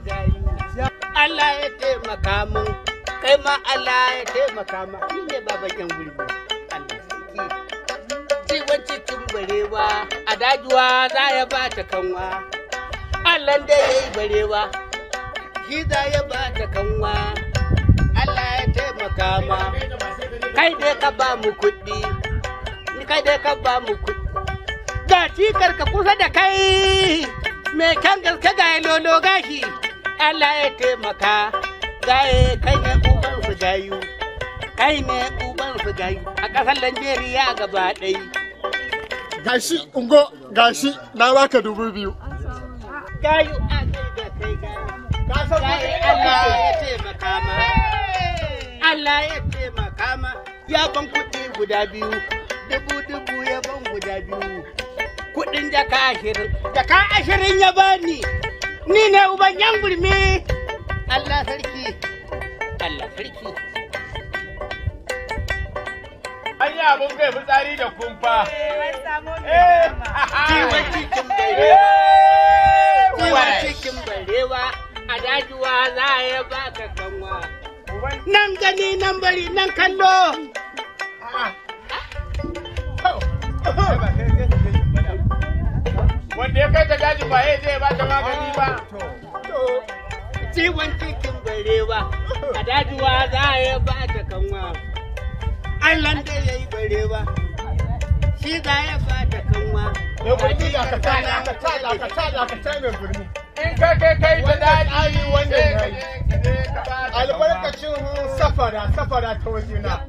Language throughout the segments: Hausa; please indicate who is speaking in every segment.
Speaker 1: da Allah ya taimaka mun kai ma Allah ya taimaka ni ne babakin gurbi Allah sarki ciwon cikin barewa a dajuwa za ya ba ta kanwa Allah da ya yi barewa shi za ya ba ta kanwa Allah ya taimaka ma kai dai ka ba mu kuɗi kai dai ka ba mu kuɗi ga cikar ka kusa da kai mai kyan gaske ga lolo gashi Allah ya taimaka za gaye kai ne uban su gayu kai ne uban su gayu a ƙasar Najeriya gaba ɗai.
Speaker 2: Gashi ungo gashi na baka dubu biyu. Gayu
Speaker 1: a kai da kai gayu. Gaye Allah ya taimaka ma. Allah ya taimaka ma. Ya ban kuɗi guda biyu. Dubu dubu ya ban guda biyu. Kuɗin jaka ashirin. Jaka ashirin ya bani. ni ne uban yan gurmi Allah sarki Allah sarki An yi kai fitsari da kumfa. Eh, eh kiwon cikin barewa. Eh, kiwon cikin barewa a dajuwa za a yi ka kanwa. Nan gani nan bari nan kallo. Ah. wanda ya kai ka daji ba yai eh, zai bata magani ba ciwon cikin barewa a dajuwa za a yi ba ta kanwa allah da ya yi barewa shi za ya ba ta kanwa ya kwanci da ka tada ka tada ka tada ka tada birni in ka kai kai da daji wanda ya kai albarkacin safara safara ta wajena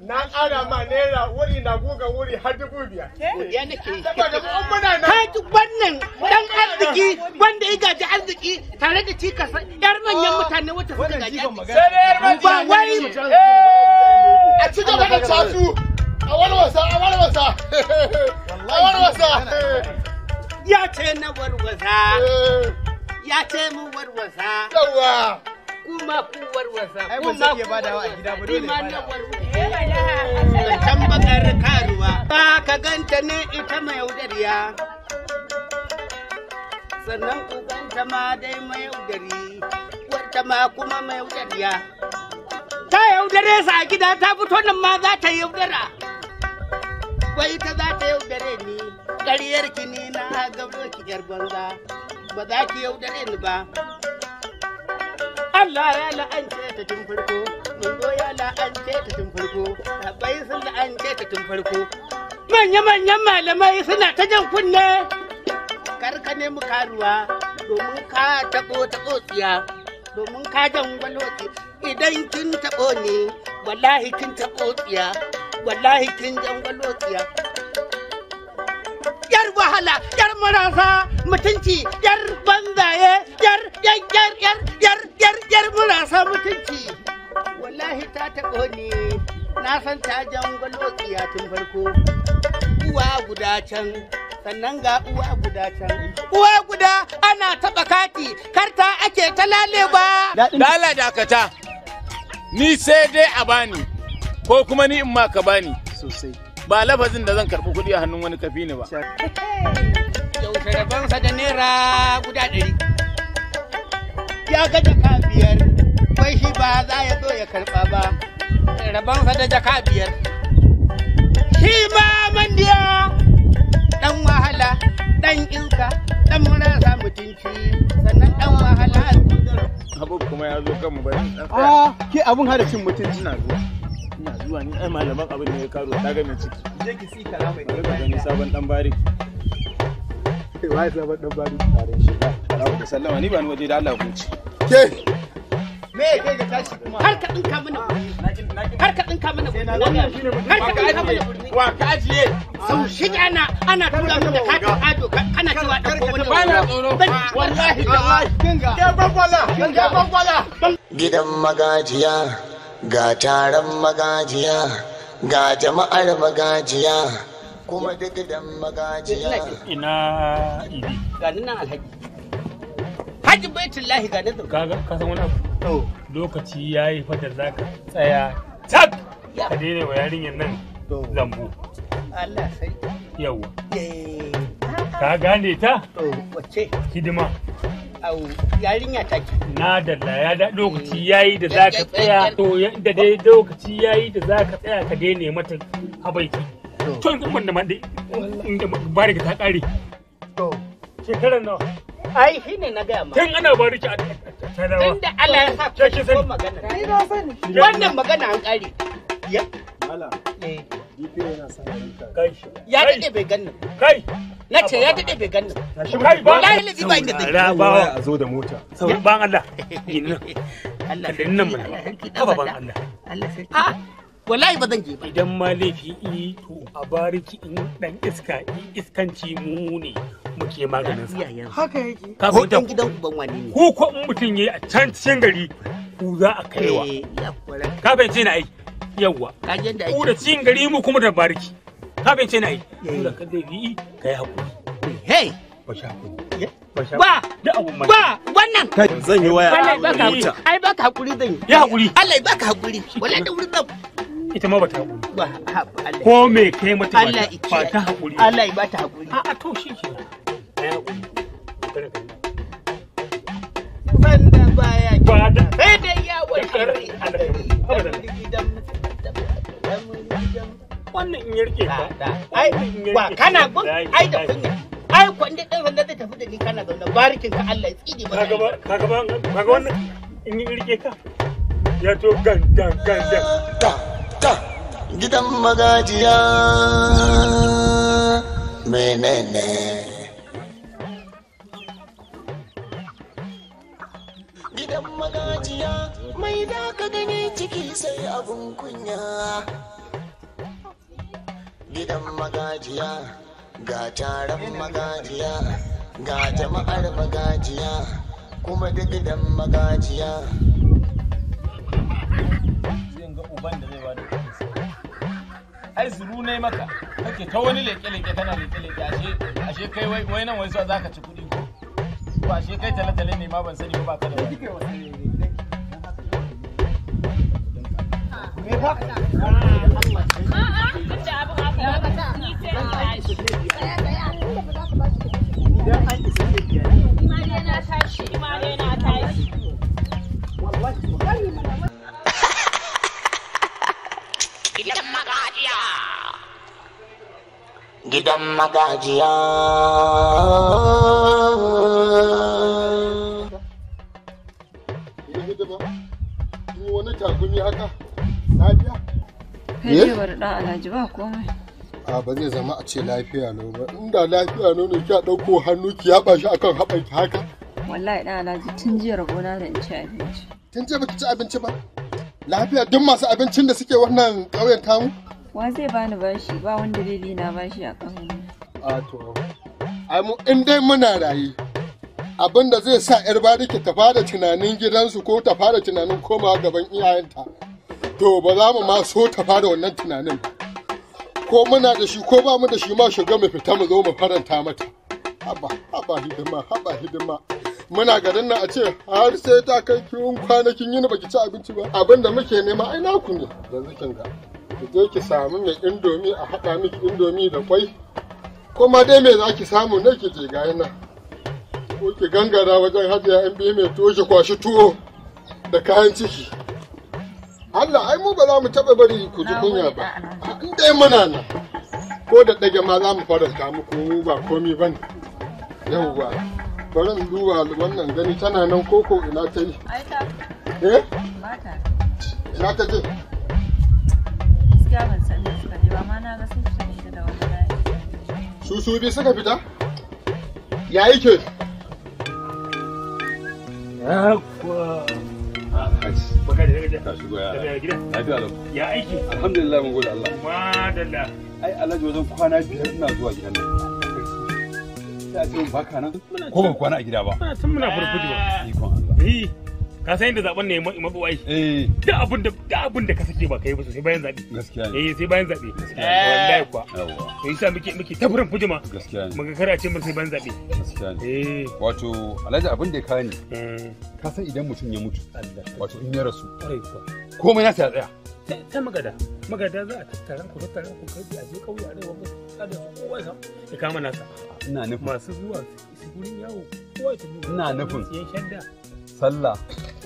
Speaker 1: na ƙara ma naira wuri na guga wuri har dubu biyar. Ya nake. Saboda mu muna nan. wannan dan arziki wanda ya gaji arziki tare da ci kasa. yar manyan ah. mutane wata suka gaji arziki. Sai da yar manyan. Ba wai. Eh, a ci gaba da casu. A walwasa a walwasa. A walwasa. Ya ce na warwaza. Eh. Ya ce mu warwaza. Yawwa. kuma kuwar wasa kuma kuwar wasa imanin warwasa can bakar karuwa ba ka ganta ne ita mai yaudariya sannan ubanta ma dai mai yaudari wata ma kuma mai yaudariya ta yaudare sa a gida ta fito nan ma za ta yaudara wai ita za ta yaudare ni ƙaryar ki ni na gabro ki yar banza ba za ki yaudare ni ba Allah ya la'ance ta tun farko ya la'ance ta tun farko sun la'ance ta tun farko manya-manyan malamai suna ta jan kunne karka ne mu karuwa domin ka taɓo ta tsiya domin ka jan gwaloki idan kin taɓo ne wallahi kin taɓo tsiya wallahi kin jan gwalokiya yar wahala yar marasa mutunci yar banzaye yar yar yar yar yar jar burasa mutunci wallahi ta taɓo ne na san ta tsiya tun farko uwa guda can sannan ga uwa guda can uwa guda ana taɓa
Speaker 3: kati karta ake ta ba dala dakata ni sai dai a bani ko kuma ni in ma ka bani sosai ba lafazin da zan karɓi kuɗi a hannun wani kafi ne ba
Speaker 1: yaushe rabansa da naira guda ɗari ya ga jaka biyar wai shi ba za ya zo ya karba ba rabansa da jaka biyar shi ma mandiya ɗan wahala ɗan mutunci sannan wahala
Speaker 3: abu kuma ya zo a ah, ke abun mutunci na zuwa ina zuwa ni ai malaman abin ya karo ta ga mai ciki je ki si ne ga ni sabon dan wai
Speaker 2: sabon dan tare shi ba
Speaker 4: sallama ni ba ni waje da Allah
Speaker 1: Ke.
Speaker 2: Gidan magajiya ga taron magajiya ga jama'ar magajiya kuma duk gidan magajiya ina ga nan alhaji
Speaker 3: hajji baitin lahi ga nazar kaga ka san wani abu lokaci ya yi fatar za ka tsaya tak ka daina wa yarinyar nan zambo Allah sai yawa ka gane ta wace. hidima
Speaker 1: au yarinya
Speaker 3: ke. na dalla ya da lokaci ya yi da mm. za ka tsaya to yadda dai lokaci ya yi da za ka tsaya ka daina mata habaiki to in kuma da ma dai in da ta kare to shekaran nawa ai shi ne
Speaker 1: na gaya ma tun ana
Speaker 3: bari ki tun da Allah ya sa ki san magana ni na
Speaker 1: sani wannan magana an kare
Speaker 3: ya Allah eh
Speaker 1: ya dade bai ganna kai na ce ya dade bai ganna kai ba wallahi lazi ba inda zai ba
Speaker 3: a zo da mota ban Allah inna Allah da nan mun ba ban Allah Allah sai wallahi ba zan je ba idan ma laifi to a bariki in dan iska iskanci mu ne muke maganin sa haka yake ka ko dan gidan uban wani ne ko ko in mutun yayi a can cikin gari ku za a kaiwa eh, ka bai ce na ai yawa ku da cikin gari mu kuma da bariki ka bai ce na ai eh. da ka dai bi kai hakuri hey ba sha eh? ba
Speaker 1: ba wannan zan yi waya wallahi baka hakuri ai baka hakuri zan yi ya hakuri Allah baka hakuri wallahi da wurin zan
Speaker 3: ita ma bata hakuri
Speaker 1: ba ko me kai mata ba ta hakuri Allah ba bata hakuri a to shi kenan
Speaker 3: wannan in
Speaker 2: gidan magajiya menene sai abun kunya gidan magajiya ga taron magajiya ga jama'ar magajiya kuma da gidan magajiya ai zuru ne maka kake ta wani
Speaker 3: leke-leke tana leke-leke ashe ashe kai wai nan wai za ka ci kuɗi ko ashe kai tale-tale ne ma ban sani ba ka da wani
Speaker 2: gidan magajiya wani takumi haka kai eh? dai bari da alhaji ba komai a ba zai zama a ce lafiya lau ba inda lafiya lau ne kya ɗauko hannu ki yaɓa shi akan haɓan ki haka wallahi ɗan alhaji tun jiya rabona da in ci abinci tun jiya baki ci abinci ba lafiya duk masu abincin da suke wannan ƙauyen tamu wa zai bani
Speaker 1: bashi ba wanda zai na bashi a
Speaker 2: kan a to ai mu in dai muna rayi abin da zai sa yar bariki ta fara tunanin gidansu ko ta fara tunanin komawa gaban iyayenta to ba za mu ma so ta fara wannan tunanin ko muna da shi ko ba mu da shi ma shiga mu fita mu zo mu faranta mata haba haba hidima haba hidima muna garin nan a ce har sai ta kai kiwon kwanakin yini baki ci abinci ba abin da muke nema ai naku ne da kin ga ki je ki samu mai indomi a haɗa miki indomi da kwai kuma dai me za ki samu na ki je ga nan ko ki gangara wajen hajiya an biye mai tuwo kwashi tuwo da kayan ciki Allah ai mu ba za mu taɓa bari ku ji kunya ba. In dai muna nan. Ko da ɗage ma za mu faranta muku mu ba komi ba ne. Yawwa. Bari in duba wannan gani tana nan koko ina ta yi. Ai ta. Eh? Ba Ina ta
Speaker 4: je? ban san da suka ba ma na ga sun fita da wani layi.
Speaker 2: Su su bi suka fita? Ya yi ke?
Speaker 3: Yakwa. baka da gida ka shigo ya gida lafiya lau ya aiki alhamdulillah mun gode Allah madalla
Speaker 4: ai alhaji wajen kwana biyar
Speaker 3: ina zuwa gidan
Speaker 4: nan ce baka nan ko ba kwana a gida ba muna
Speaker 3: tun muna ah, ba ikon Allah eh. ka san yadda zaben ne mabuwa yi eh. duk abin da duk abin da ka sake ba kai ba sai bayan zabe gaskiya eh sai bayan zabe eh. wallahi kuwa to yasa muke muke taburin fujima gaskiya muka kara ce mun sai bayan zabe gaskiya eh wato alhaji abin
Speaker 4: da ya kawo ne eh. ka san idan mutum ya mutu wato in ya rasu komai na tsaya
Speaker 3: tsaya ta magada magada za a tattara ku tattara ku kai a je kauye arewa ba kada ku kowa sa ya kama nasa ina nufin masu zuwa su gurin yawo kowa ya tafi ina nufin
Speaker 4: sallah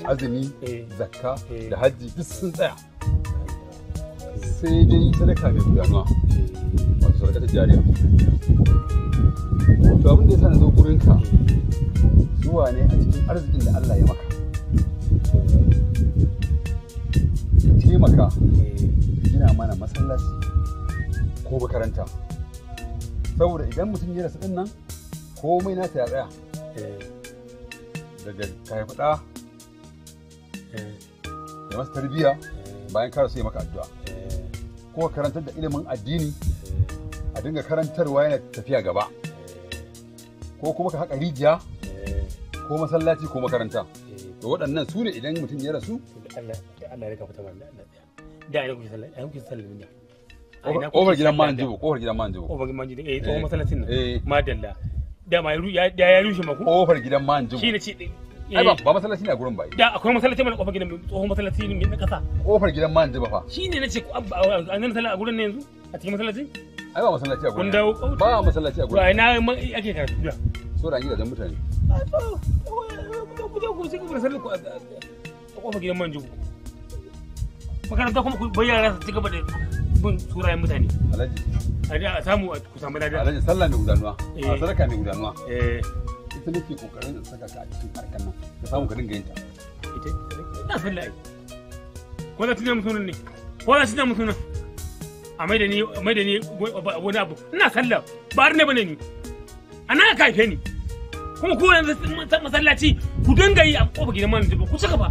Speaker 4: azumi eh. zakka eh. da hajji duk sun tsaya sai dai sadaka mai gudanarwa wato sadaka ta jariya to abin da ya sa na zo gurinka zuwa ne a cikin arzikin da Allah ya maka ka taimaka ka gina mana masallaci ko makaranta saboda idan mutum ya rasu din nan komai na ta tsaya eh. daga ka haifi eh, da ya tarbiyya eh, bayan ka rasu ya maka addu'a eh. ko karantar da ilimin addini a dinga karantarwa yana tafiya gaba ko kuma ka haƙa rijiya ko masallaci ko makaranta to waɗannan su ne idan mutum ya
Speaker 3: rasu gidan gidan gidan da ma ya ya rushe mako kofar gidan ma anjima shine ce ai ba masallaci ne a gurin ba da akwai masallaci mai kofar gidan tsohon masallaci ne na kasa kofar gidan ma fa shine nace an nan a gurin ne yanzu a cikin masallaci ai ba masallaci a gurin kun dawo ba masallaci a gurin ai na ake karatu da so da gidajen mutane ku je ku sai ku bar ku a kofar gidan manjo kuma ku bayyana su da bin surayen mutane alhaji a samu kusan samu lada alhaji sallah mai gudanuwa eh. a sadaka mai gudanuwa eh ita nake kokarin da saka ka a cikin
Speaker 4: harkar nan ka samu ka dinga yin ta ita
Speaker 3: ina sallah ai ko da tunan mutunan ne ko da tunan musulun. a mai da ni mai da ni wani abu ina sallah ba har ne bane ni ana ka haife ni kuma ku yanzu masallaci ku dinga yi a kofar gidan malamin ku ci gaba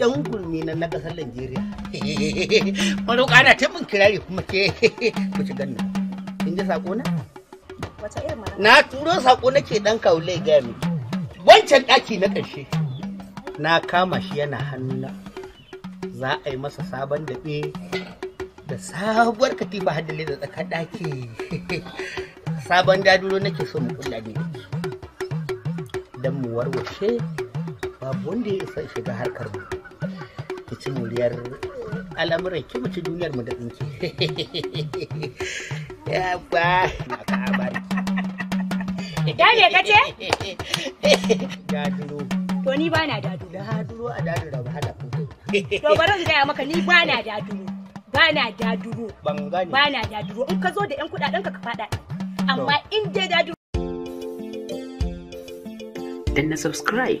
Speaker 1: yan gurmi na na kasar Najeriya. Wani kana ta mun kirari kuma ke ku ci ganna. in ji sako na? Wata irin Na turo sako nake dan kaule ga mi. Wancan daki na karshe. Na kama shi yana hannu na. Za a yi masa sabon daɓe da sabuwar katifa hadali da tsakar daki. Sabon daduro nake so mu kulla ne. Dan mu warwashe babu wanda ya isa shiga harkar mu. ci muriyar al'amuran ki mutu duniyar mu da tsinki ya ba na ka Da dade ka ce daduro to ni ba na daduro daduro a daduro ba hada ku to bari zan gaya maka ni ba na daduro ba na daduro ban gani ba na daduro in ka zo da yan kudaden ka ka fada amma in dai daduro na subscribe